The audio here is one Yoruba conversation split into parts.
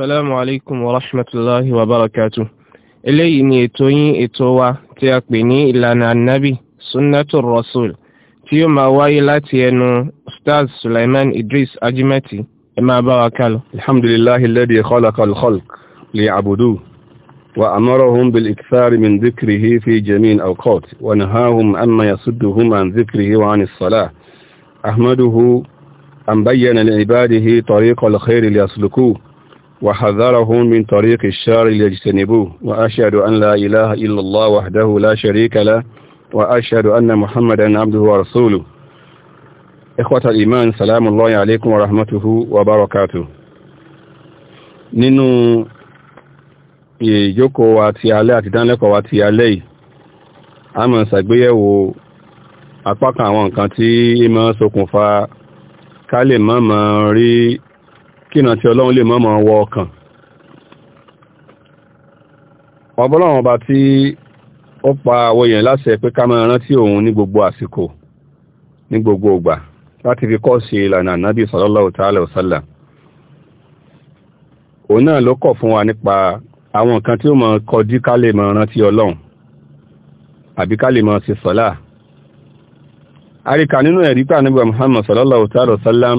Assalamu alaikum wa rahmatullahi wa barakatuh. Eléyìí ni ètò yín ètò wa tí a pè ní ìlànà annabi Sunnatul Rasul tí ó máa wáyé láti ẹnu Ustaz Sulaiman Idris Ajimati. Ẹ máa bá wa kálọ. Alhamdulillahi alladhi khalaqal khalq liya'buduhu wa amarahum bil ikthari min dhikrihi fi jami'il awqat wa nahahum amma yasudduhum an dhikrihi wa 'anis salah. Ahmaduhu an bayyana li ibadihi tariqal khairi وحذره من طريق الشر ليجتنبوه وأشهد أن لا إله إلا الله وحده لا شريك له وأشهد أن محمدا عبده ورسوله إخوة الإيمان سلام الله عليكم ورحمته وبركاته nínú ìjókòó wa ti alẹ́ àti ìdánilẹ́kọ̀ọ́ wa ti alẹ́ yìí a máa ṣàgbéyẹ̀wò apá kan àwọn nǹkan tí kí ìnà tí ọlọ́run lè mọ́mọ́ wọ ọkàn ọbọ́lọ́run ọba tí ó pa àwọn èèyàn láṣẹ pé ká máa rántí òun ní gbogbo àsìkò ní gbogbo ìgbà láti fi kọ́ sí ìlànà nábì sallallahu ta'ala wa sallam òun náà ló kọ̀ fún wa nípa àwọn nǹkan tí ó mọ̀ kọjú ká lè mọ̀ rántí ọlọ́run àbí ká lè mọ̀ sí sọ́lá Muhammad sallallahu ta'ala sallam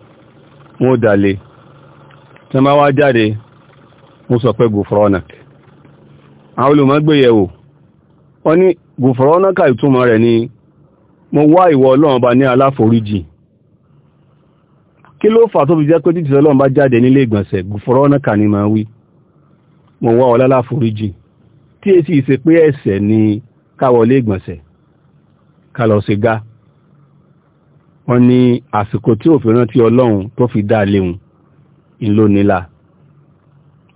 wọ́n dalé tí wọ́n bá wá jáde wọ́n sọ pé gùfúrọ́nàk àwọn olùmọ́gbéyẹ̀wò wọ́n ní gùfúrọ́nàkà ìtumọ̀ rẹ̀ ni mo wá ìwọ ọlọ́run bá ní aláforíjì kí ló fà tó fi jẹ́ pé títí ọlọ́run bá jáde nílé ìgbọ̀nsẹ̀ gùfúrọ́nàkà ni máa wí mo wá ọlá aláforíjì tí èsì ìṣe pé ẹ̀ṣẹ̀ ni káwọlé ìgbọ̀nsẹ̀ ká lọ sí gá wọ́n ní àsìkò tí òfin rántí ọlọ́run tó fi dá léhun ìlò nílà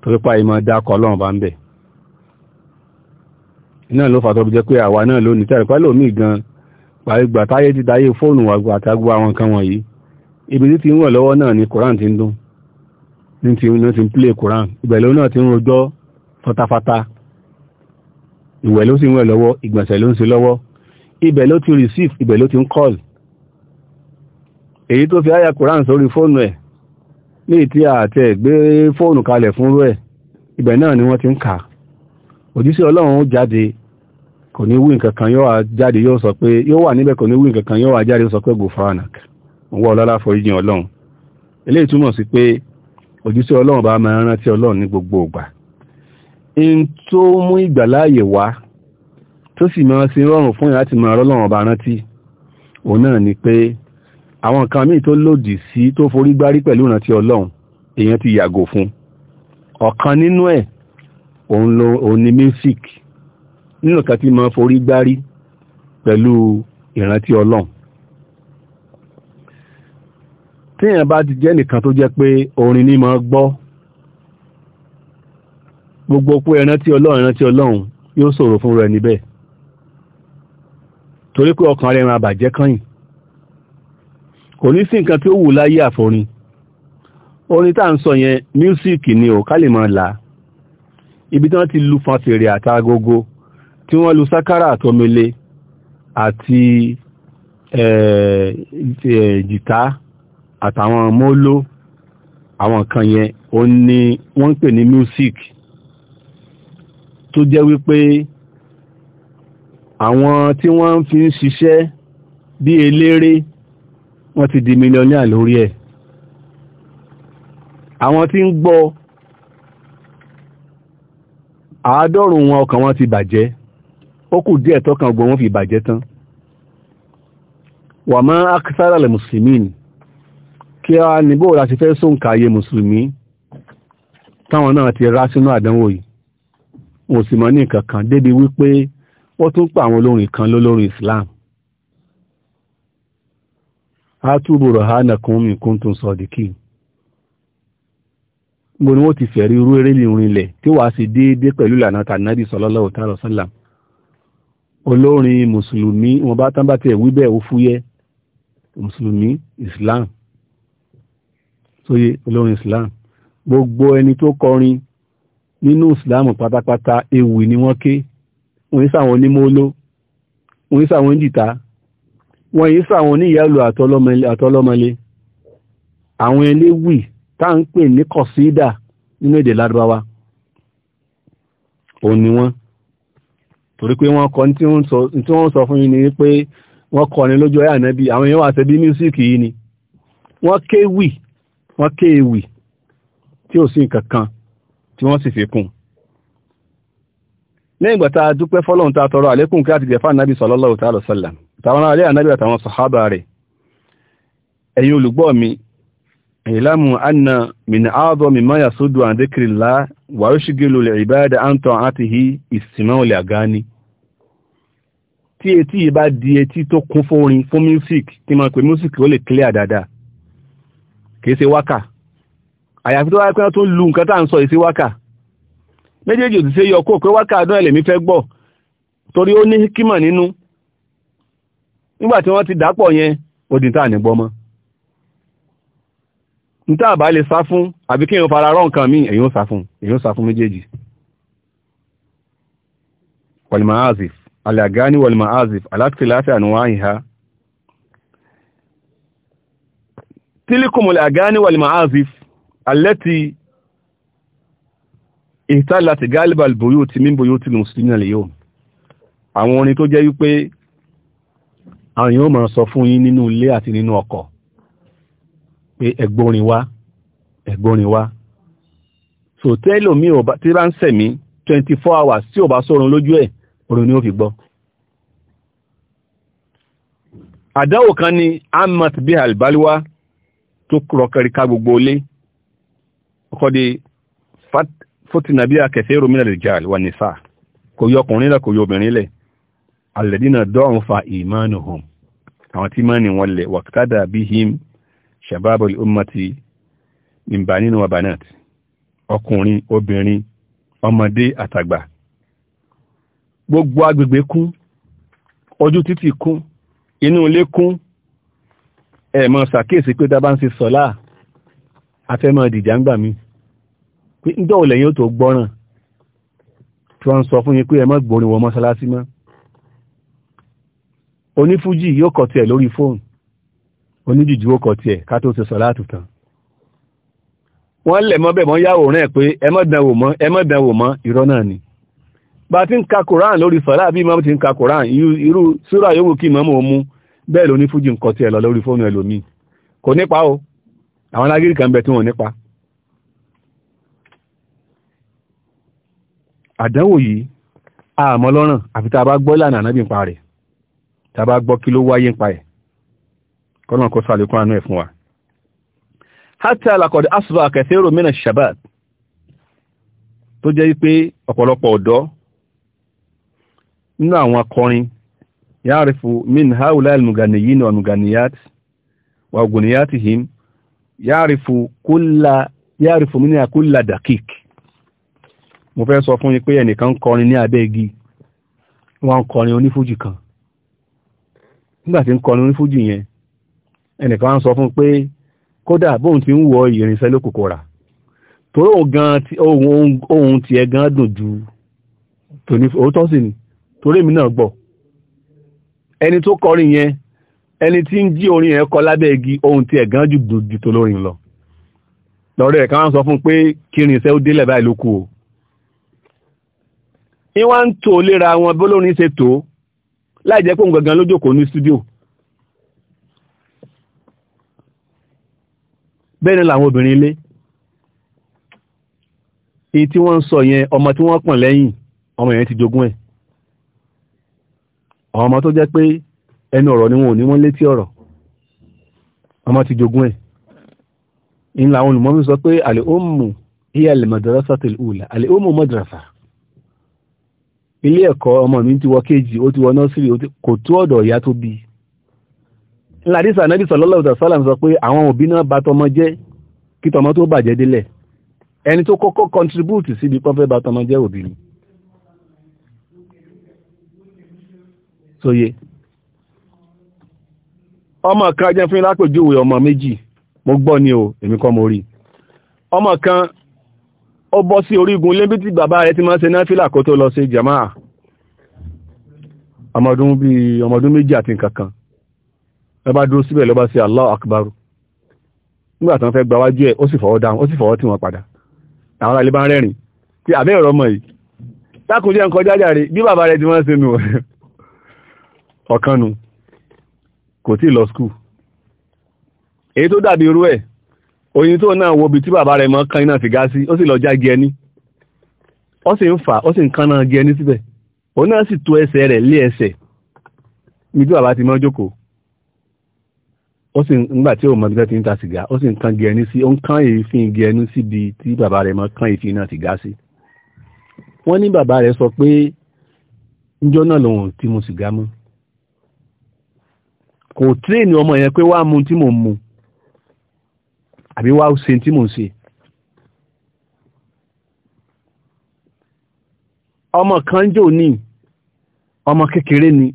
torípa ìmọ̀ dákọ̀ ọlọ́run bá ń bẹ̀ iná ló fàtọ́ bí jẹ́ pé àwa náà lónìí tẹ́rẹ̀ pẹ́lú omi gan gbàgbà táyé ti dáyé fóònù àtàgbà àwọn nǹkan wọ̀nyí ibi tí ti ń wọ̀ lọ́wọ́ náà ni koran ti ń dún ní ti ń ti ń plé koran ìbẹ̀lẹ̀ náà ti ń rojọ́ fatafata ìwẹ̀ ló sì ń wẹ̀ lọ́wọ́ ìgbọ̀nsẹ̀ ló ń ṣe lọ́wọ́ ibẹ̀ ló ti receive ibẹ̀ ló ti ń call èyí tó fi àyà koran sórí fóònù ẹ̀ ní ìtí àti ẹ̀gbé fóònù kalẹ̀ fún rú ẹ̀ ibẹ̀ náà ni wọ́n ti ń kà òjíṣẹ́ ọlọ́run ó jáde kò ní wí nǹkan kan yóò jáde yóò sọ pé yóò wà níbẹ̀ kò ní wí nǹkan yóò wà jáde sọ pé gòfaranak wọ́n ọlọ́lá foríjì ọlọ́run eléyìí túmọ̀ sí pé òjíṣẹ́ ọlọ́run bá máa rántí ọlọ́run ní gbogbo ìgbà in tó mú ìgbàláàyè wá tó sì máa sí rọrùn fún yàrá máa rọ́lọ́run bá rántí òun náà ni pé àwọn nǹkan míì tó lòdì sí tó forí gbárí pẹ̀lú ìrántí ọlọ́run èèyàn ti yàgò fún ọ̀kan nínú ẹ̀ òun lo òun ni music nínú kan tí máa forí gbárí pẹ̀lú ìrántí ọlọ́run téèyàn bá ti jẹ́ nìkan tó jẹ́ pé orin ni máa gbọ́ gbogbo pé ìrántí ọlọ́run ìrántí ọlọ́run yóò ṣòro fún rẹ̀ níbẹ̀ torí pé ọkàn rẹ̀ ń abàjẹ́ kányìn kò ní sí nǹkan tí ó wù láyé àforin orin tá ń sọ yẹn mísíkì ni ò ká lè máa là ibi tí wọ́n ti lu fàṣẹ̀rẹ̀ àtàgógó tí wọ́n lu sákárà àtọmẹlẹ àti jìtá eh, eh, àtàwọn móló àwọn kan yẹn ó ní wọ́n pè ní music tó jẹ́ wípé àwọn tí wọ́n fi ń ṣiṣẹ́ bí eléré wọ́n ti di mílíọ̀nìà lórí ẹ̀ àwọn tí ń gbọ́ àádọ́rùn wọn ọkàn wọn ti bàjẹ́ ó kù díẹ̀ tọ́kàn gbọ́ wọn fi bàjẹ́ tán wà máa akásárà lè mùsùlùmí kí a níbò láti fẹ́ sóǹkà ayé mùsùlùmí táwọn náà ti rá sínú àdánwò yìí wọ́n sì mọ̀ ní kankan débi wípé wọ́n tún pa àwọn olórin kan lólórin Islam átúbò rọ̀hánà kún mi kún tún sọ̀dìkì mo ni wọ́n ti fẹ̀rí irú eré ìrìn ilẹ̀ tí wàá sì déédé pẹ̀lú ìlànà tànàbí sallallahu ta'ala sallam olórin mùsùlùmí wọn bá tán bá tẹ̀ wí ó fúyẹ́ mùsùlùmí islam sóyè olórin islam gbogbo ẹni tó kọrin nínú islam pátápátá ewì ni wọ́n ké wọ́n ń sàwọn onímọ́ló wọ́n ń sàwọn wọ́n yìí sàwọn oníyàlù àtọlọ́mọlé àwọn eléwì tá ń pè ní kọ̀sídà nínú èdè ládùbáwá òun ni wọ́n torí pé wọ́n kọ tí wọ́n sọ fún yín ni pé wọ́n kọ ni lójú ọyà nẹ́bí àwọn èèyàn wà ṣe bí mísíkì yìí ni wọ́n kéwì wọ́n kéwì tí ò sí nǹkan kan tí wọ́n sì fi kún lẹ́yìn ìgbà tá a dúpẹ́ fọ́lọ́run tá a tọrọ àlékún kí àti gẹ̀fà nábì sallallahu ta'ala sallam tàwọn alẹ́ ànábì àtàwọn sàhábà rẹ̀ ẹ̀yin olùgbọ́ mi ìlàmù anna min àádọ́ mi máa yàsódò àndékìrìlá wà ó ṣígélò lè ìbáyàdà àǹtọ̀ àti hì ìsìnmáwòlè àgáni tí etí ìbá di etí tó kún fóorin fún music tí máa pè music ó lè clear dáadáa kìí ṣe wákà àyàfi tó wáyé pé tó lu nǹkan tá à ń sọ ìsí wákà méjèèjì ò yọ kó pé wákà náà lèmi fẹ́ gbọ́ torí ó ní kímà nínú nígbàtí wọ́n ti dápọ̀ yẹn odin tá ní gbọmọ́ níta àbá lè sá fún àbí kí èèyàn fara rán nǹkan míì èèyàn sá fún èèyàn sá fún méjèèjì wàlìmọ̀ azif alàgáni wàlìmọ̀ azif alátìláfẹ́ àníwá ìhá tílíkùmùlẹ̀ àgáni wàlìmọ̀ azif alẹ́tì ìtàlàtì gálíbà bòyó ti mímbòyó ti lùmùsùlùmí àwọn orin tó jẹ́ wípé àwọn èèyàn máa sọ fún yín nínú ilé àti nínú ọkọ̀ pé ẹgbórin wá ẹgbórin wá so tẹ́lòmí tí bá ń sẹ̀mí 24 hours tí ò bá sórun lójú ẹ̀ orin ni ó fi gbọ́ àdáwò kan ni amat bí albaliwa tó kúrọ kẹríká gbogbo ilé ọkọ̀ di fótìnàbí akẹfẹ́ romina lè jà wà nìsà kò yọ ọkùnrin lẹ̀ kò yọ obìnrin lẹ̀ alladina don fa ìmánu hàn àwọn tí máa ní wọn shababul ummati mimba nínú obìnrin ọmọdé àtàgbà gbogbo agbègbè kún ojú títì kún inú ilé kún ẹ̀mọ̀ sàkíyèsí pé dábá ń ṣe sọlá afẹ́mọ̀ dìjà ń gbà mí pé ń ó tó gbọ́ràn tí wọ́n onífújì yóò kọ tiẹ̀ lórí fóònù oníjìjú ó kọ tiẹ̀ ká tó ṣe sọ̀láàtù tán wọ́n lẹ̀ mọ́ bẹ̀ mọ́ yáwòrán ẹ̀ pé ẹ má dánwò mọ́ ẹ má dánwò mọ́ irọ́ náà ni bá ti ń ka koran lórí sọ̀lá bí mọ́mú ti ń ka koran irú súrà yòówù kí mọ́mú o mú bẹ́ẹ̀ ló ní fújì ń kọ tiẹ̀ lọ lórí fóònù ẹlòmíì kò nípa o àwọn alágírí kan bẹ tí wọ́n nípa àdánwò yìí àmọ́ lọ́rùn àfi tá a bá gbọ́ lànà ànábì ń pa tàbá gbọ́ kí ló wáyé ń pa ẹ̀ kọ́nà kó sàlékún àánú ẹ̀ fún wa hátí alàkọ̀dẹ̀ asùbà kẹfẹ́ romina shabbat tó jẹ́ wípé ọ̀pọ̀lọpọ̀ ọ̀dọ́ nínú àwọn akọrin yáàrífù min haula al-muganiyin wa muganiyat wa oguniyatihim yáàrífù kúlla dakik mo fẹ́ sọ fún yín pé ẹnìkan kọrin ní abẹ́ igi kọrin kan nígbà tí ń kọnu ní fújì yẹn ẹnìkan wá ń sọ fún pé kódà bóun ti ń wọ ìrìnsẹ́ lókòkò rà torí ohun tiẹ̀ gan dùn ju tòní òótọ́ sì ni torí èmi náà gbọ́ ẹni tó kọrin yẹn ẹni tí ń jí orin yẹn kọ lábẹ́ igi ohun tiẹ̀ gan jù dùn ju tolórin lọ lọ́rẹ́ ẹ̀kan wá ń sọ fún pé kí ìrìnsẹ́ ó délẹ̀ báyìí ló kù o ìwọ́n ń tò lera wọn bólórin ṣe tòó láì jẹ́ pé òun gangan ní studio bẹ́ẹ̀ ni làwọn obìnrin ilé èyí tí wọ́n ń sọ yẹn ọmọ tí wọ́n pọ̀n lẹ́yìn ọmọ yẹn ti jogún ẹ̀ ọmọ tó jẹ́ pé ẹnu ọ̀rọ̀ ni wọn ò ní wọ́n létí ọ̀rọ̀ ọmọ ti jogún ẹ̀ ìlà àwọn olùmọ́mí sọ pé àlè ó mú iye àlè madrasatil ula àlè ó mú madrasa ilé ẹ̀kọ́ ọmọ mi ti wọ kéjì ó ti wọ nọ́sírì kò tó ọ̀dọ̀ ìyá tó bí ńláàdísà anábì sallallahu alaihi wasallam sọ pé àwọn òbí náà bá tọmọ jẹ́ kí tọmọ tó bàjẹ́ délẹ̀ ẹni tó kọ́kọ́ contribute síbi pọ́fẹ́ bá tọmọ jẹ́ òbí o èmi kọ́ ó bọ́ sí orígun lébí tí bàbá rẹ̀ ti máa ṣe náfílà kó tó lọ sí jama'a ọmọdún bí ọmọdún méjì àti nǹkankan ẹ bá dúró síbẹ̀ ló bá ṣe Allahu akbar nígbà tán fẹ́ gba wájú ẹ̀ ó sì fọwọ́ dáhùn ó sì fọwọ́ tì wọ́n padà àwọn alẹ́ bá ń oyin tó náà wo ibi tí bàbá rẹ̀ mọ́ kan iná ti ga sí ó sì lọ já gẹ ní ó sì ń fà ó sì ń kan náà gẹ ẹni síbẹ̀ òun náà sì tó ẹsẹ̀ rẹ̀ lé ẹsẹ̀ ibi tí bàbá ti mọ́ jókòó ó sì ńgbà tí ó mọ ibi tí ń ta sìgá ó sì ń kan gẹ ní sí ó ń kan èéfín gẹ ní síbi tí bàbá rẹ̀ mọ́ kan èéfín náà ti ga sí wọ́n ní bàbá rẹ̀ sọ pé njọ́ náà lòun ti mu sìgá mọ́ kò ní ọmọ yẹn pé wàá mu tí mò ń mu àbí wá ṣe tí mò ń ṣe ọmọ kan jò ní ọmọ kékeré ni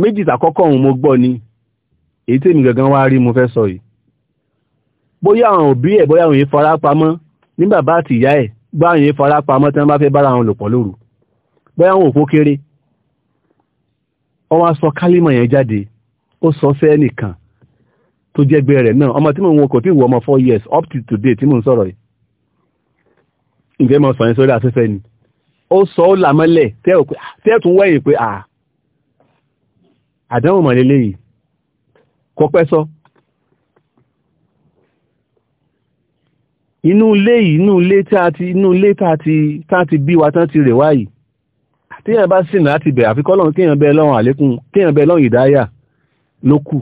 méjì tàkọ́kọ́ òun mo gbọ́ ni èyí tèmi gangan wá rí mo fẹ́ sọ yìí bóyá àwọn òbí ẹ̀ bóyá àwọn èyí fara pamọ́ ní bàbá àti ìyá ẹ̀ bá àwọn èyí fara pamọ́ tí wọ́n bá fẹ́ bára àwọn lòpọ̀ lóru bóyá àwọn òpó kéré ó sọ kálímọ̀ yẹn jáde ó sọ fẹ́ nìkan tó jẹ́ gbé rẹ̀ náà ọmọ tí mò ń wo kò tí wọ ọmọ four years up to today tí mò ń sọ̀rọ̀ yìí ǹjẹ́ mo sọ yẹn sórí afẹ́fẹ́ ni ó sọ ó làmọ́lẹ̀ tẹ́ tún wẹ̀yìn pé à àdánwò mọ̀lélẹ́ yìí kò pẹ́ sọ inú ilé yìí inú ilé tá a ti inú ilé tá a ti tá a ti bí wa tán ti rè wá yìí téèyàn bá sìn láti bẹ̀ àfikọ́ lọ́run kéèyàn bẹ́ẹ̀ lọ́run àlékún kéèyàn bẹ́ẹ̀ lọ́run ìdáyà ló kù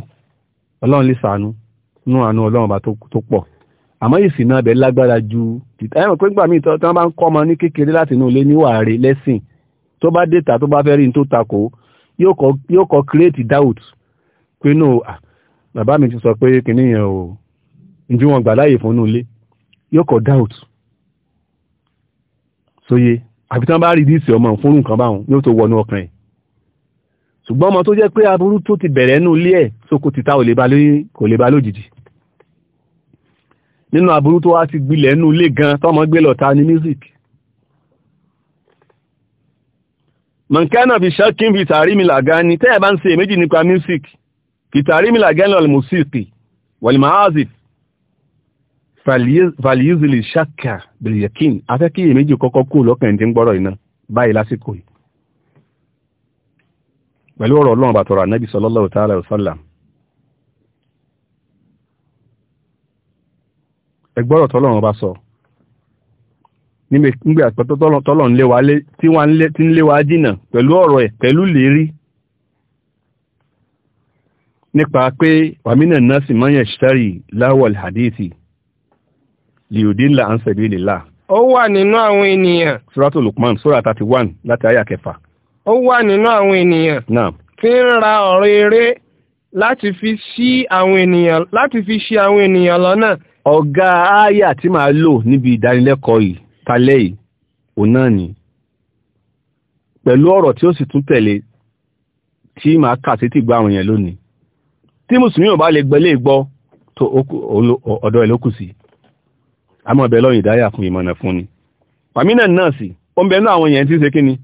ọlọ́run lè sànú nú àánú ọlọ́run ọba tó pọ̀ àmọ́ ìsìn náà bẹ̀ lágbára ju ẹ̀rọ pé gbà míì tí wọ́n bá ń kọ́ ọmọ ní kékeré láti inú ilé níwà rẹ̀ lẹ́sìn tó bá dèta tó bá fẹ́ rí ní tó takò yóò kọ́ create doubt pé no bàbá mi ti sọ pé kìnní yẹn o njú wọn gbà láàyè fún inú ilé yóò kọ́ doubt sóye àfi tí wọ́n bá rí díìsì ọmọ fún nǹkan báwọn yóò tó wọnú ọkàn ẹ̀ ṣùgbọ́n ọmọ tó jẹ́ pé aburú tó ti bẹ̀rẹ̀ nínú ilé ẹ̀ tó kò ti ta ò lè ba lójijì nínú aburú tó wá ti gbilẹ̀ nínú ilé gan tọ́mọ gbé lọ́ta ní music mọ̀nkánà fi ṣọ́kín fi tàrí mi làgání tẹ́ ẹ̀ bá ń ṣe méjì nípa music fi tàrí mi làgání wal musiqi wal ma'azif fàlìyìzìlì ṣàkà bìlìyàkín afẹ́kíyè méjì kọ́kọ́ kú lọ́kàn tí ń gbọ́rọ̀ iná báyìí lásìkò yìí pẹ̀lú ọ̀rọ̀ ọlọ́run bàtọ̀rọ̀ ànábì sallallahu ta'ala wa sallam ẹgbọ́rọ̀ tọ́lọ́run bá sọ nígbà pẹ̀tọ́ tọ́lọ́run tí ń lé wa jìnà pẹ̀lú ọ̀rọ̀ ẹ̀ pẹ̀lú lérí nípa pé wàmínà náà sì mọ́yàn ṣẹ́rì láwọ̀l hadithi liudilla ansabilillah ó wà nínú àwọn ènìyàn suratul Luqman sura 31 láti àyà kẹfà ó wà nínú àwọn ènìyàn tí ń ra ọ̀rọ̀ eré láti fi ṣì àwọn ènìyàn láti fi ṣì àwọn ènìyàn lọ́nà. ọ̀gá ááyà tí màá lò níbi ìdánilẹ́kọ̀ọ́ yìí talẹ́ yìí òun náà ni pẹ̀lú ọ̀rọ̀ tí ó sì tún tẹ̀lé tí màá kà sí tìgbà àwọn èèyàn lónìí tí mùsùlùmí ò bá lè gbẹ́lé gbọ́ tó ọ̀dọ̀ ẹ̀ ló kù sí àmọ́ ọ̀bẹ̀ lọ́yìn ìdáyà fún ìmọ̀nà fún ni pàmínà náà sì ó ń bẹnu àwọn èèyàn tí ṣe kí ni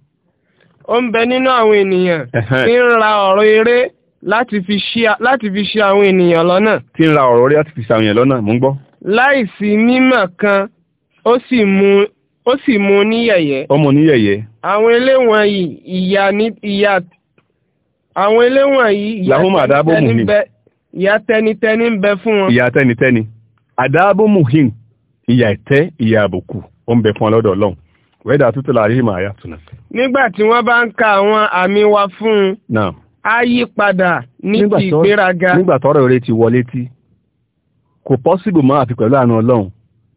ó ń bẹ nínú àwọn ènìyàn tí ń ra ọ̀rọ̀ eré láti fi ṣe àwọn ènìyàn lọ́nà. tí ń ra ọ̀rọ̀ eré láti fi ṣe àwọn ènìyàn lọ́nà mò ń gbọ́. láìsí mímọ̀ kan ó sì mú ó sì mú ní yẹ̀yẹ́. ọmọ ní àwọn eléwọ̀n ìyà ní àwọn eléwọ̀n yìí. làwọn máa dáàbò mú mi. ìyà tẹnitẹni ń bẹ fún wọn. ìyà tẹnitẹni àdáàbò mú him ìyà ẹ̀tẹ́ ìyà àbùkù ó ń bẹ fún ọlọ́dọ̀ ọlọ́run wẹ́dà tó tẹ̀lé àríhìmọ̀ àyà tùnà. nígbà tí wọ́n bá ń ka àwọn àmì wa fún un á yí padà ní ti ìgbéraga. nígbà tọ́rọ̀ rẹ ti wọlé tí kò pọ́sibù mọ́ àti pẹ̀lú àánú ọlọ́run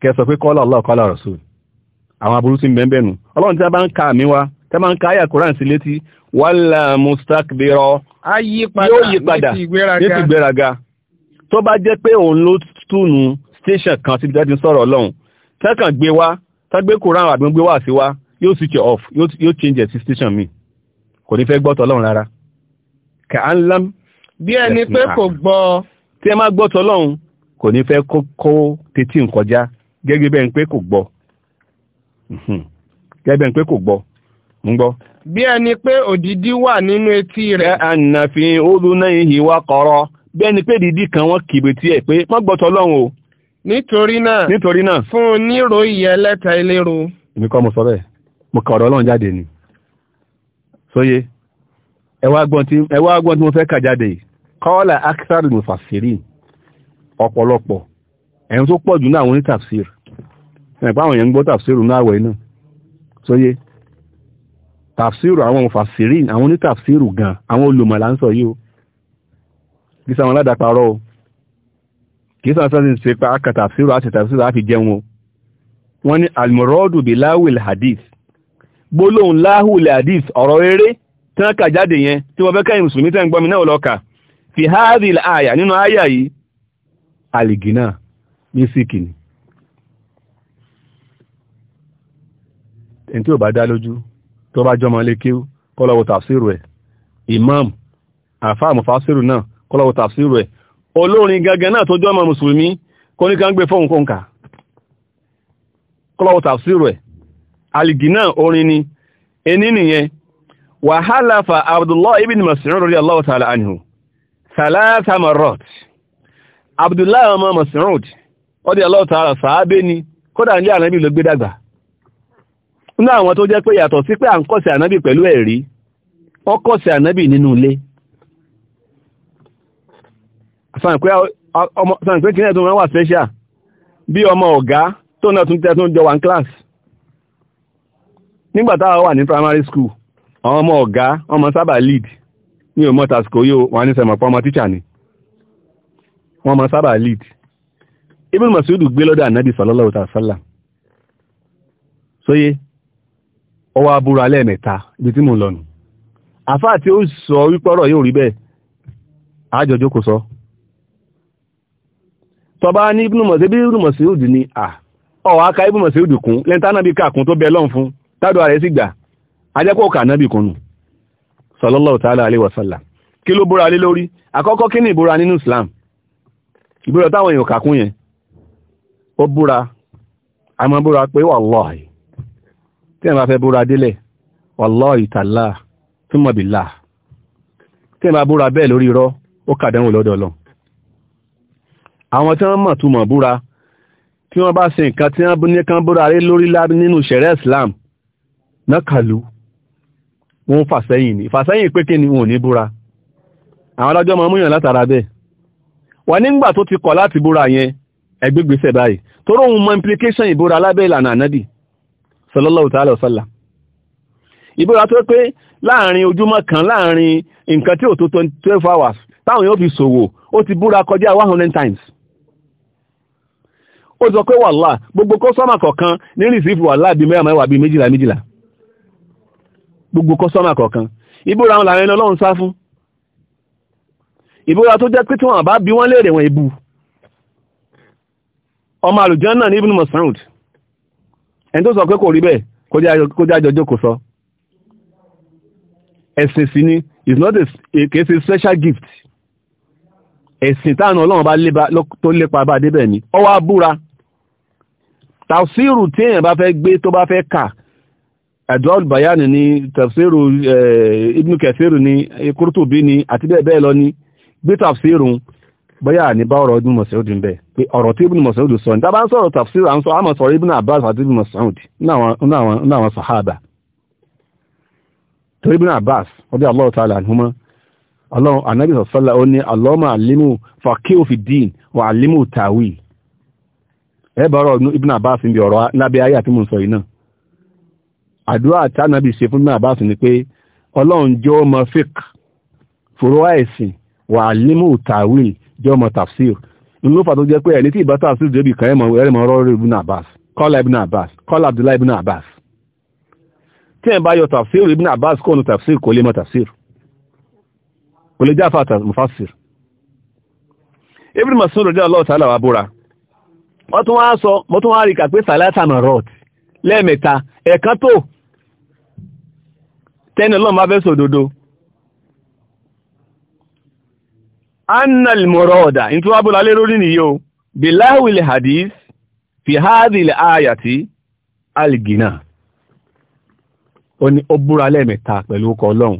kẹ́ sọ pé kọ́lá Allah kọ́lá Rasul àwọn aburú ti ń bẹ́ẹ̀ nù ọlọ́run tí a bá ń ka àmì wa tí a bá ń ka àyà Kùránì sí létí wàhálà mustakbiro yóò yí padà ní ti ìgbéraga tó bá jẹ́ pé òun ló túnu station kan síbi jáde sọ̀rọ̀ ọlọ́run tẹ́kàn gbé wá tágbé koran àbí gbé wà sí wa yóò switch off yóò change sí station mi kò ní fẹ́ gbọ́ tọ́lọ́run rárá kà á ń lám bí ẹni pé kò gbọ́ tí ẹ má gbọ́ tọ́lọ́run kò ní fẹ́ kó tètè ń kọjá gẹ́gẹ́ bẹ́ẹ̀ ń pé kò gbọ́ gẹ́gẹ́ bẹ́ẹ̀ ń pé kò gbọ́ ń gbọ́. bí ẹni pé òdìdí wà nínú etí rẹ̀. ànàfin kọ̀rọ̀ bí ẹni pé dídí kan wọ́n kìbìtì ẹ̀ pé o nítorí náà nítorí náà fún onírò ìyẹ lẹ́ta eléro èmi kọ́ mo sọ bẹ́ẹ̀ mo kà ọlọ́run jáde ni sóye ẹ wá gbọ́n tí ẹ mo fẹ́ kà jáde kọ́ọ̀là akisari mufasiri ọ̀pọ̀lọpọ̀ ẹ̀yìn tó pọ̀ jù náà àwọn onítàfsir ẹ̀pá àwọn èèyàn ń gbọ́ tàfsir náà àwẹ̀ náà sóye tàfsir àwọn mufasiri àwọn onítàfsir gan àwọn olùmọ̀lá ń sọ yìí o kìí sọ sọ́sí ṣe pé akàtà síro àti tàbísírò àfi jẹun o wọ́n ní almorodu bí láwìl hadith gbólóhùn láhùl hadith ọ̀rọ̀ eré tí wọ́n kà jáde yẹn tí wọ́n fẹ́ kẹ́yìn mùsùlùmí tẹ́ ń gbọ́mi náà lọ́ka fi hadil aya nínú aya yìí alìgínà ní síkìnì ẹni tí ò bá dá lójú tó bá jọmọ lékí kọ́lọ́wọ́ tàbísírò ẹ̀ imam àfáà mufasiru náà kọ́lọ́wọ́ tàbísírò ẹ̀ olórin gangan náà tó jọ ọmọ mùsùlùmí kò ní kan gbé fóun kóǹkà kọlọ́wọ́ of ẹ̀ alìgì náà orin ni ẹni nìyẹn wàhálà fa abdullahi ibn mas'ud radiyallahu ta'ala anhu salata marrat abdullahi ọmọ mas'ud radiyallahu ta'ala sàábé ni kódà ní ànábì ló gbé dàgbà nínú àwọn tó jẹ́ pé yàtọ̀ sí pé à ń kọ́sẹ̀ ànábì pẹ̀lú ẹ̀rí ànábì sàǹpé kí náà tó wọ́n wà special bí ọmọ ọ̀gá tó náà tún tẹ́ jọ wà ní class nígbà táwa wà ní primary school àwọn ọmọ ọ̀gá ọmọ sábà lead ní ọmọ tàṣkò yóò wà ní sẹ̀mọ̀pọ̀ ọmọ tíṣà ni wọ́n mọ sábà lead Ibn Mas'ud gbé lọ́dọ̀ ànádì sallallahu ta'ala sallam sóyé ọwọ́ abúrú alẹ́ mẹ́ta ibi tí mo lọ́nu àfáà tọba ní ibùnú mọ̀sí bí ibùnú mọ̀sí òdì ni à ọ̀wọ́ aka ibùnú mọ̀sí òdì kún lẹ́ntà náà bí kàkún tó bẹ lọ́n fún tádọ̀ rẹ̀ sì gbà ajẹ́pọ̀ náà bí kún nù ta'ala alaihi wasallam kí ló búra lé lórí àkọ́kọ́ kí Islam ìbúra táwọn èèyàn kàkún yẹn ó búra àmọ́ búra pé wallahi tí ẹ̀ bá fẹ́ búra délẹ̀ wallahi ta'ala thumma billah tí ẹ̀ bá ó kàdánwò lọ́dọ̀ Ọlọ́run àwọn tí wọ́n mọ̀ túmọ̀ búra tí wọ́n bá ṣe nǹkan tí wọ́n ní kan búra rí lórí nínú ṣẹ̀rẹ́ Islam nákàlú wọn fàsẹ́yìn ní fàsẹ́yìn pé kí ni wọn ò ní búra àwọn adájọ́ máa múyàn látara bẹ́ẹ̀ wọ́n nígbà tó ti kọ̀ láti búra yẹn ẹgbẹ́gbẹ́sẹ̀ báyìí tóró ohun mọ implication ìbúra lábẹ́ ìlànà ànádì sallallahu ta'ala sallam ìbúra tó pé láàrin ojúmọ́ kan láàrin nǹkan tí ò tó 12 hours táwọn yóò fi ṣòwò ó ti búra kọjá 100 times ó sọ pé wàláà gbogbo kọ́sọ́mà kọ̀ọ̀kan ní rìsífù wàláà bí mẹ́wàá mẹ́wàá bí méjìlá méjìlá gbogbo kọ́sọ́mà kọ̀ọ̀kan ìbúra wọn làwọn ẹni ọlọ́run sá fún ìbúra tó jẹ́ pé tí wọ́n bá bí wọ́n léèrè wọn ìbú ọmọ àlùjọ́ náà ní ibùn Mas'ud ẹni tó sọ pé kò rí bẹ́ẹ̀ kó jẹ́ àjọjọ́ kò sọ ẹ̀sìn sí ni is not a case of special gift ẹ̀sìn táwọn ọlọ́run bá tó lépa bá débẹ̀ ni ọwọ́ abúra tafsiru tí èèyàn bá fẹ́ gbé tó bá fẹ́ kà adrọ́l bayani ni tafsiru ibn kathiru ni Qurtubi ni àti bẹ́ẹ̀ bẹ́ẹ̀ lọ ni gbé tafsiru bóyá ní bá ọ̀rọ̀ ibn Mas'ud ń bẹ̀ pé ọ̀rọ̀ tí ibn Mas'ud sọ ní tábà ń sọ̀rọ̀ tafsiru à ń sọ àmọ̀ sọ̀rọ̀ ibn Abbas àti ibn Mas'ud ní àwọn sàhábà torí ibn Abbas radiyallahu ta'ala anhuma ọlọ́run anábìsọ̀sọ́lá ó ní Allahumma allimu faqihu fi din wa allimu ta'wil ẹbọ̀rọ̀ Ibn Abbas ń bí ọ̀rọ̀ lábẹ́ ayé àti mò sọ yìí ise àdúrà tí ànábì ṣe fún Ibn Abbas ni pé ọlọ́run jọ ọmọ fik fòrò jọ ọmọ tafsir inú fà jẹ́ pé ẹni tí ìbá tafsir débi kan ẹ̀mọ̀ ẹ̀rẹ̀mọ̀ ọ̀rọ̀ Ibn Abbas kọ́lá Abdullahi tí ẹ̀ bá yọ tafsir kọ́nu tafsir kò lè tafsir kò lè búra wọ́n tún wá sọ mọ́ tún wá rí kàpé sàlátà marot lẹ́ẹ̀mẹ́ta ẹ̀kan tó tẹ́ni ọlọ́run bá fẹ́ sòdodo annal mọ̀rọ̀ọ̀dà ní tí lé lórí nìyí o bilawil hadith fi hadhil ayati algina ó ní ó búra lẹ́ẹ̀mẹ́ta pẹ̀lú ọkọ̀ ọlọ́run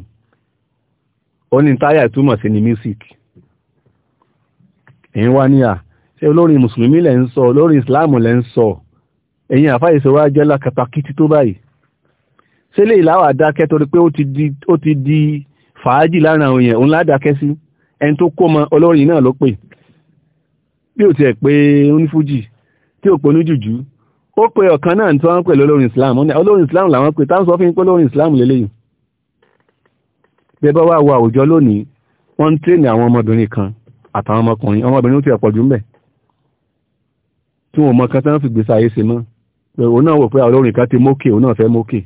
ó ní táyà ìtúmọ̀ sí ni music èyí wá níyà ṣé olórin mùsùlùmí lẹ ń sọ olórin islam lẹ ń sọ ẹ̀yin àfáyèsè wa jẹ́ lákàtàkìtì tó báyìí ṣé lè láwà dákẹ́ torí pé ó ti di fàájì lára àwọn èèyàn òun ládàkẹ́ sí ẹni tó kó mọ olórin náà ló islam olórin islam islam lélẹ́yìn bẹ́ẹ̀ bá wà wọ àwùjọ lónìí wọ́n ń tẹ́ni àwọn ọmọbìnrin kan àtàwọn ọmọkùnrin ọmọbìnrin ó ti ọ̀pọ̀ jù ń bẹ̀ tí wọ́n mọ kan tán fi gbèsè ayé ṣe mọ́ pé òun náà wò pé olórin kan ti mókè òun náà fẹ́ mókè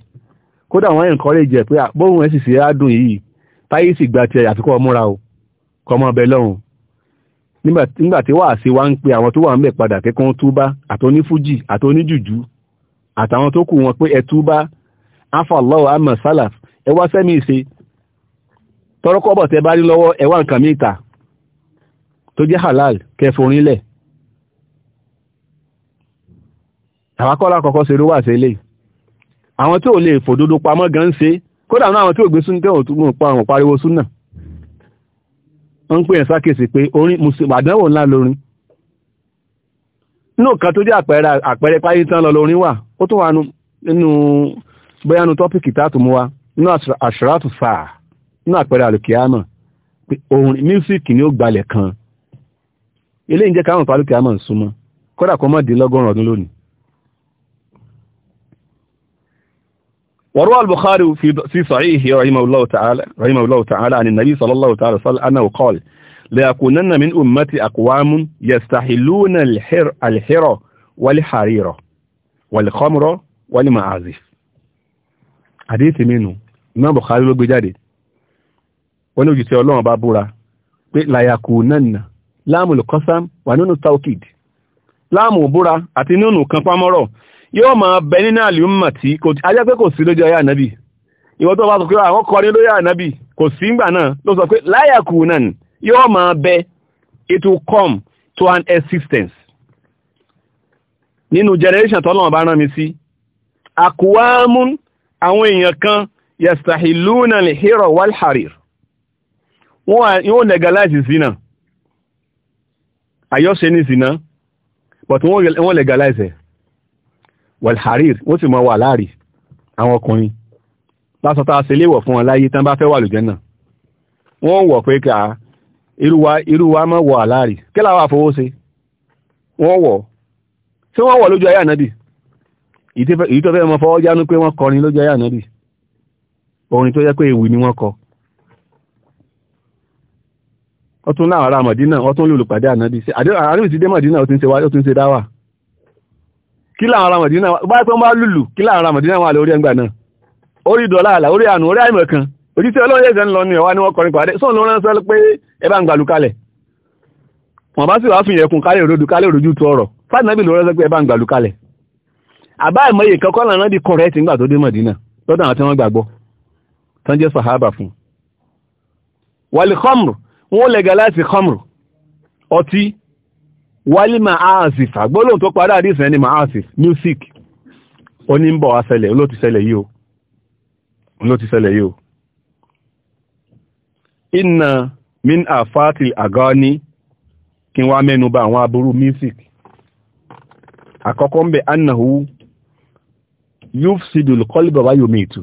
kódà wọ́n encourage ẹ̀ pé bóun ẹ̀ sì ṣe á dùn yìí táyé sì gba tiẹ̀ àti kọ́ múra o kọ́ mọ́ ọbẹ̀ lọ́hùn nígbà tí wàá sí wá ń pe àwọn tó wà ń bẹ̀ padà kẹ́kọ́ túbá àtọ́nífújì àtọ́níjùjú àtàwọn tó kù wọn pé ẹ túbá afọlọ́wọ́ àmọ̀ sálàf ẹ wá sẹ́mi ìṣe tọrọkọ́bọ̀ tẹ bá rí lọ́wọ́ ẹ wá nǹkan mìta tó jẹ́ halal kẹforinlẹ̀ àwákọ́lá kọ̀kọ́ ṣe ló wà sí ilé àwọn tí ò lè fòdodo pamọ́ gan ṣe kódà náà àwọn tí ò gbé súnnà òtún pàwọn pariwo súnnà ń pè ẹ̀ sákèsì pé orin mùsùlùmí àdánwò ńlá lórin inú kan tó jẹ́ àpẹẹrẹ àpẹẹrẹ páyé tán lọ lórin wà ó tó wà nínú bóyá nínú tọ́pìkì tààtù mú wa nínú àṣírátù fàá nínú àpẹẹrẹ àlùkìyàmọ̀ pé orin mísíkì ni ó gbalẹ̀ kan ilé ìjẹ́ káwọn pàlùkìyàmọ̀ ń súnmọ́ kódà kọ́ mọ́ dín lọ́gọ́rùn ọdún lónìí وروى البخاري في في صحيحه رحمه الله تعالى رحمه الله تعالى عن النبي صلى الله عليه وسلم أنه قال ليكونن من أمتي أقوام يستحلون الحر الحرى والحريرة والخمر والمعازف حديث منه ما بخاري لو بجد wọ́n ní الله ọlọ́run bá búra pé làyàkùnánà láàmù lùkọ́sám wà nínú taukid láàmù búra àti yóò máa bẹ nínú àlùmọ̀ tí ajá pé kò sí lójú ayé ànábì ìwọ́n tó bá sọ pé àwọn kọrin lórí ànábì kò sí ìgbà náà ló sọ pé láyàkù náà yóò máa bẹ it will come to an existence nínú generation tọ́lọ́wọ́n bá rán mi sí àkùwámún àwọn èèyàn kan yastahiluna al-hira wal-harir wọ́n yóò legalize zina àyọ́ṣe ní zina but wọ́n legalize it wàlharir wọ́n sì mọ wà láàrí àwọn ọkùnrin lásán tá a ṣe léwọ̀ fún wọn láyé tán bá fẹ́ wà lùjẹ́ náà wọ́n wọ̀ pé ká irúwa irúwa mọ́ wọ àláàrí kí láwà fowó ṣe wọ́n wọ̀ tí wọ́n wọ̀ lójú ayé ànábì èyí tó fẹ́ mọ fọwọ́ jánú pé wọ́n kọrin lójú ayé ànábì orin tó yẹ pé èwì ni wọ́n kọ ọtún láwọn ará mọ̀dínà ọtún lùlù pàdé ànábì kí láwọn ará mọ̀dínà bá pẹ́ bá lùlù kí láwọn ará mọ̀dínà wà lórí ẹgbà náà orí dọ̀lá àlà orí àánú orí àìmọ̀ kan òjíṣẹ́ ọlọ́run ẹ̀sẹ̀ ń lọ ní ẹ̀wà ni wọ́n kọrin pàdé sóun ló pé ẹ ń gbàlù wọ́n bá sì wá fìyẹn kun kálẹ̀ òdodo kálẹ̀ òdojú tu ọ̀rọ̀ fàtìnàbì wálé ma aasif àgbólóhùn tó padà ẹni ma aasif music ó ní ń bọ̀ aṣẹlẹ̀ olóòtú ṣẹlẹ̀ o olóòtú ṣẹlẹ̀ yìí inna kí wá mẹ́nu bà àwọn aburú music àkọ́kọ́ ń bẹ annahu yufsidul qalba wa yumitu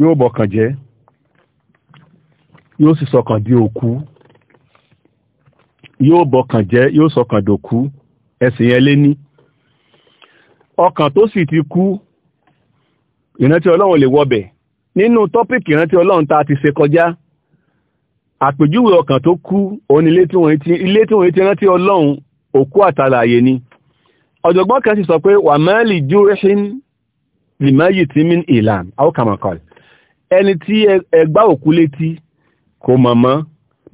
yóò yoo jẹ́ yóò sì di òkú yóò bọkàn jẹ́ yóò sọkàn dòkú ẹ̀sìn yẹn lé ní ọkàn tó sì ti kú ìrántí ọlọ́run lè wọbẹ̀ nínú tọ́pìkì ìrántí ọlọ́run ta ti ṣe kọjá àpèjúwe ọkàn tó kú òun ilé tí wọ́n ti rántí ọlọ́run òkú àtàlàyé ni ọ̀jọ̀gbọ́n kan sì sọ pé wà mẹ́lì júrẹ́ṣin lìmáyì tí mín ìlànà ẹni tí ẹgbá òkú létí kò mọ̀mọ́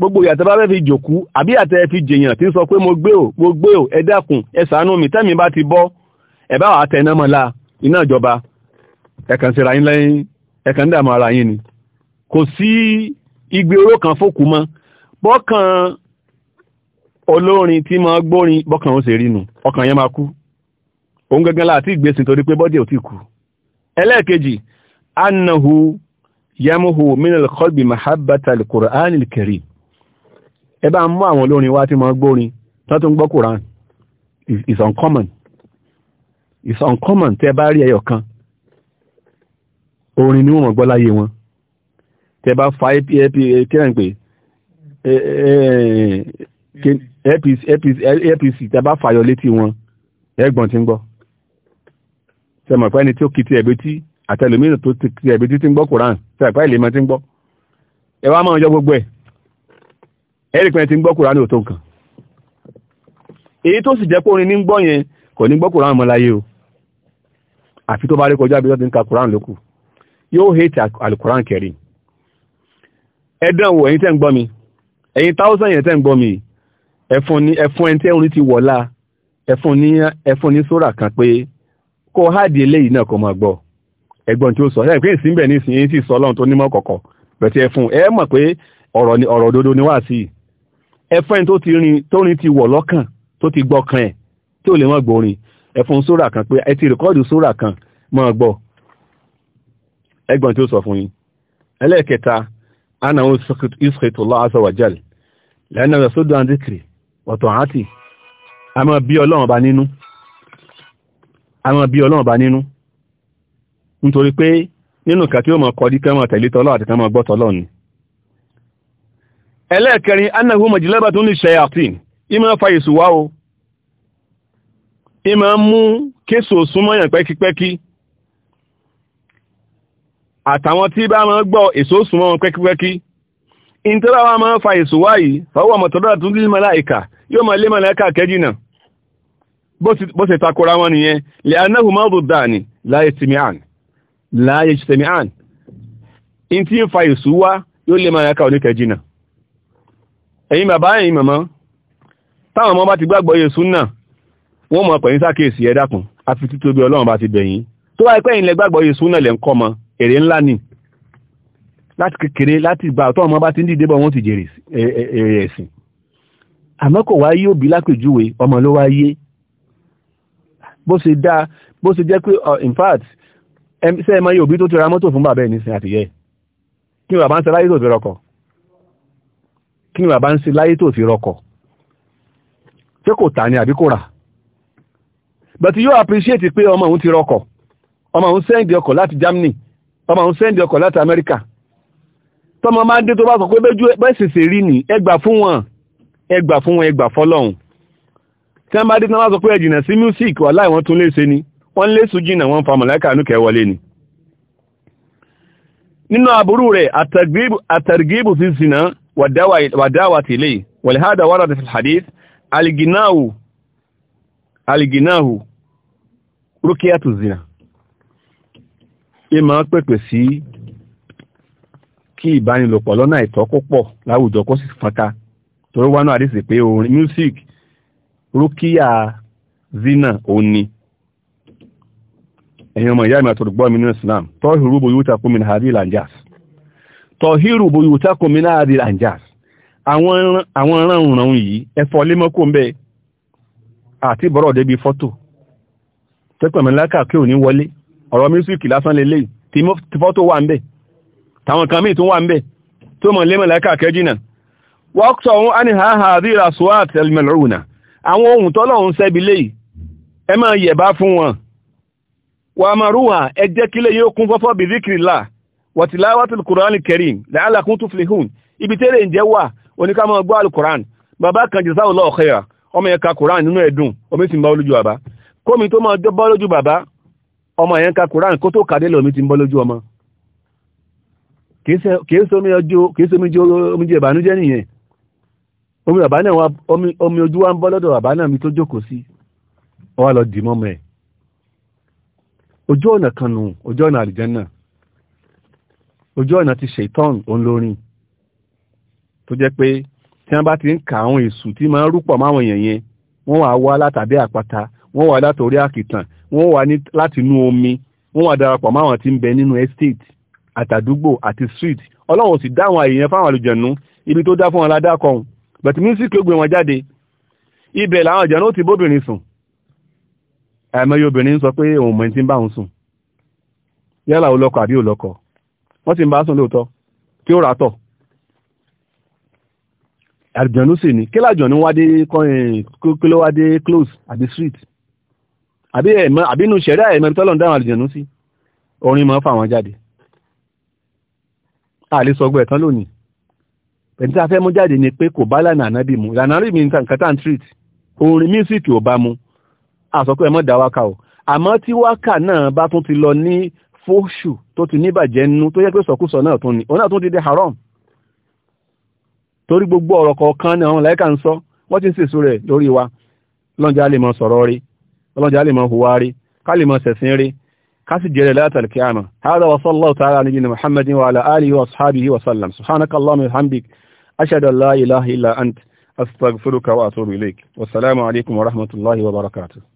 gbogbo ìyàtọ̀ bá fẹ́ fi jòkú àbí àtẹ fi jèèyàn tí ń sọ pé mo gbé ò mo gbé ò ẹ dákun ẹ ṣàánú mi tẹ́mi bá ti bọ́ ẹ bá wàá tẹná mọ́lá iná ìjọba ẹ̀kàn síra yín lẹ́yìn ẹ̀kàn dààmú ara yín ni kò sí igbe oró kan fòkú mọ́ bọ́kàn olórin tí máa gbórin bọ́kàn ó ṣe rí nu ọkàn yẹn máa kú òun gangan láti ìgbésìn torí pé bọ́dẹ̀ ò ti kú ẹlẹ́ẹ̀kejì annahu yamuhu min al-qalbi mahabbata al ẹ bá mú àwọn olórin wá tí mo gbórin tó tún gbọ́ Quran is uncommon is uncommon tẹ́ bá rí ẹyọ kan orin ni wọ́n mọ̀ gbọ́ láyé wọn tẹ́ bá fa kíran pé APC tẹ́ bá fàyọ létí wọn ẹgbọ̀n tí ń gbọ́ sẹ́mọ̀ pé ẹni tí ó kì ti ẹ̀bí tí àtẹlòmíràn tó ti ẹ̀bí tí ń gbọ́ Quran sẹ́mọ̀ pé ìlèmọ̀ tí ń gbọ́ ẹ wá máa yọ gbogbo ẹ̀ ẹ̀rìpẹ́ ti ń gbọ́ kùránì ò tó nǹkan èyí tó sì jẹ́ pé orin ní gbọ́ yẹn kò ní gbọ́ kùránì o àfi tó bá rí kọjá bí wọ́n ti ń ka kùránì lókù yóò hate alukùránì kẹrin ẹ̀dán wo ẹ̀yin tẹ́ ń gbọ́ mi ẹ̀yin táwọ́sàn yẹn tẹ́ ń gbọ́ mi ẹni tẹ́ orin ti sóra kan pé kó háàdì eléyìí náà kò mọ̀ gbọ́ o tí ó sọ ní ìsìn ẹfẹ́ni tó ti rin tó rin ti wọ̀ lọ́kàn tó ti gbọ́ kan ẹ̀ tí ò lè mọ́ gbọ́rin ẹ̀fún sóra kan pé ẹ ti rìkọ́ọ̀dù sóra kan mọ́ gbọ́ ẹgbọ́n tí ó sọ fún yín ẹlẹ́ẹ̀kẹta anáwọn ìsìkètòlá azọwàjálì lẹ́nà rẹ̀ sódò àndìkìrì ọ̀tọ̀ àti àmọ́ bí ọlọ́run bá nínú àmọ́ bí ọlọ́run bá nínú nítorí pé nínú kàtí ó mọ̀ kọ́ dí kẹ́mọ̀ tẹ̀lé tọ́lọ́ àti kẹ́mọ̀ gbọ́tọ́lọ́ ni ẹlẹ́ẹ̀kẹrin annahu majlaba tó ní shayatin ima fa èsù wá o ima mú késo súnmọ́yàn pẹ́kipẹ́kí àtàwọn tí bá máa gbọ́ èso súnmọ́ wọn pẹ́kipẹ́kí in tó bá wá máa fa èsù wá yìí fọwọ́ mọ̀tọ́dọ́ tó lè màláìkà yóò máa lé màláìkà kẹ́jìnà bó ṣe takora wọn nìyẹn lè annahu mọ́dù dání láyé tìmíàn láyé tìmíàn in tí ń fa èsù yóò lé màláìkà oníkẹ́jìnà ẹ̀yin bàbá ẹ̀yin màmá táwọn ọmọ bá ti gbàgbọ́ yẹ súnà wọ́n mọ̀ pẹ̀yìn sákèsì ẹ dákun àfi títóbi ọlọ́run bá ti bẹ̀yìn tó wáyé pẹ́yìn lẹ gbàgbọ́ yẹ súnà lẹ̀ ń kọ́ mọ èrè ńlá ni láti kékeré láti gbà tó ọmọ bá ti ń dìde bọ̀ wọ́n ti jèrè èrè ẹ̀sìn àmọ́ kò wá yé òbí lápèjúwe ọmọ ló wá yé bó ṣe dá bó ṣe jẹ́ pé uh, in fact ṣé ẹ mọ iye òbí tó ti ra mọ́tò fún bàbá ẹ̀ nísìnyí àtìyẹ́ kí bàbá ń ṣe láyé tó ti rọkọ̀ kí ni bàbá ń ṣe láyé tó fi rọkọ̀ ṣé kò tà ní àbí kò rà but you appreciate pé ọmọ òun ti rọkọ̀ ọmọ òun sẹ́ndì ọkọ̀ láti Germany ọmọ òun sẹ́ndì ọkọ̀ láti America tọmọ máa ń dé tó bá sọ pé bẹ́sẹ̀sẹ̀ rí ni ẹgbà fún wọn ẹgbà fún wọn ẹgbà fọlọ́hun tí wọ́n bá dé tí bá sọ pé ẹ̀jìnà sí music wà láì wọ́n tún lè ṣe ni wọ́n lè sùn jìnà wọ́n fa mọ̀láìkà ànúkẹ́ wọlé ni nínú àbúrú rẹ̀ àtàrgíbù fi zìnà والدعوة إليه ولهذا ورد في الحديث الجناه الجناه رقية الزنا ìmọ̀ pẹ̀pẹ̀ sí kí ìbánilòpọ̀ lọ́nà àìtọ́ kó pọ̀ láwùjọ kó sì fọ́nká torí wánú àdísì pé orin music rúkíyà zina òní ẹ̀yin ọmọ ìyá mi àtọ̀rọ̀gbọ́ mi ní Islam tọ́ ìrúbò yóò tàkó mi ní hadil and jazz tọ̀hírù buyutakum min àdì àǹjàs àwọn ránrùn yìí ẹfọ́ lémọ́kò ń àti bọ́rọ̀ débi fọ́tò tẹ́pẹ̀mẹ́láka kí ò ní wọlé ọ̀rọ̀ mísíkì lásán lélẹ̀ tí fọ́tò wà ń bẹ tàwọn kan míì tún wà ń bẹ tó mọ̀ lémọ̀láka kẹjìnà wọ́kṣọ̀ òun ohun tọ́lọ́run sẹ́bi wàtíláwàtí alukur'an kẹrin làálàkún tó fi hùn ibi tẹ́lẹ̀ ǹjẹ́ wà oníkàmọ́ gbọ́ alukur'an bàbá kan jẹ́ sáwọ́ lọ́ọ̀kẹ́ yà ọmọ yẹn ka kur'an nínú ẹ̀dùn omi sì ń bá olójú bàbá kómi tó máa bọ́ lójú bàbá ọmọ yẹn ka kur'an kó tó kàdé lọ́mi ti ń bọ́ lójú ọmọ kìí sọ omi jẹ́ ìbànújẹ́ nìyẹn omi bàbá náà wá omi ojú wa ń bọ́ lọ́dọ̀ bàbá náà mi tó jókòó sí ọwá lọ dì ojú ọ̀nà kan ojú ọ̀nà àlìjẹ́ náà ojú ọ̀nà ti ṣètọ́n olórin tó jẹ́ pé tí wọ́n bá ti ń ka àwọn èsù tí máa ń rúpọ̀ máwọn èèyàn yẹn wọ́n wà wá látàbí àpáta wọ́n wà látòrí àkìtàn wọ́n wà láti omi wọ́n wà darapọ̀ máwọn tí ń bẹ nínú estate àtàdúgbò àti street ọlọ́run sì dá àwọn àyèyàn fáwọn àlùjẹ̀nu ibi tó dá fún wọn ládàkọ̀hún bẹ̀tì mísíkì ó gbé wọn jáde ibẹ̀ làwọn àjẹ̀nu ti bóbìnrin sùn ẹ̀mẹ́yẹ obìnrin sọ pé òun mọ̀ ní ti ń bá òun sùn yálà ó lọ́kọ àbí ó lọ́kọ wọ́n sì ń bá sùn lóòótọ́ kí ó rà tọ̀ àjọ̀nú sì ni kílàjọ̀ ní wádé close àbí street àbí ẹ̀mọ́ àbínú ṣẹ̀dá ẹ̀mọ́ tọ́lọ̀ dáhùn àjọ̀nú sí orin mọ́ fáwọn jáde àlè sọgbọ́ ẹ̀tán lónìí pẹ̀lú tí a fẹ́ mú jáde ni pé kò bá lànà ànábì mu lànà ànábì mi nǹkan tá à orin mísíkì ò bá mu àsọkọ́ ẹ̀mọ́ dá wákà o àmọ́ tí wákà náà bá tún ti lọ ní fóṣù tó ti níbàjẹ́ nú tó yẹ pé sọkúsọ náà tún ni ọ̀nà tó ti dé haram torí gbogbo ọ̀rọ̀ kọ̀ọ̀kan náà àwọn láìka ń sọ wọ́n ti ń sèso rẹ̀ lórí wa lọ́njà lè mọ sọ̀rọ̀ rí lọ́njà lè mọ hùwà rí ká lè mọ sẹ̀sìn rí ká sì jẹ́rẹ̀ látàlì kíámà hada wa sallallahu ta'ala nabi muhammadin wa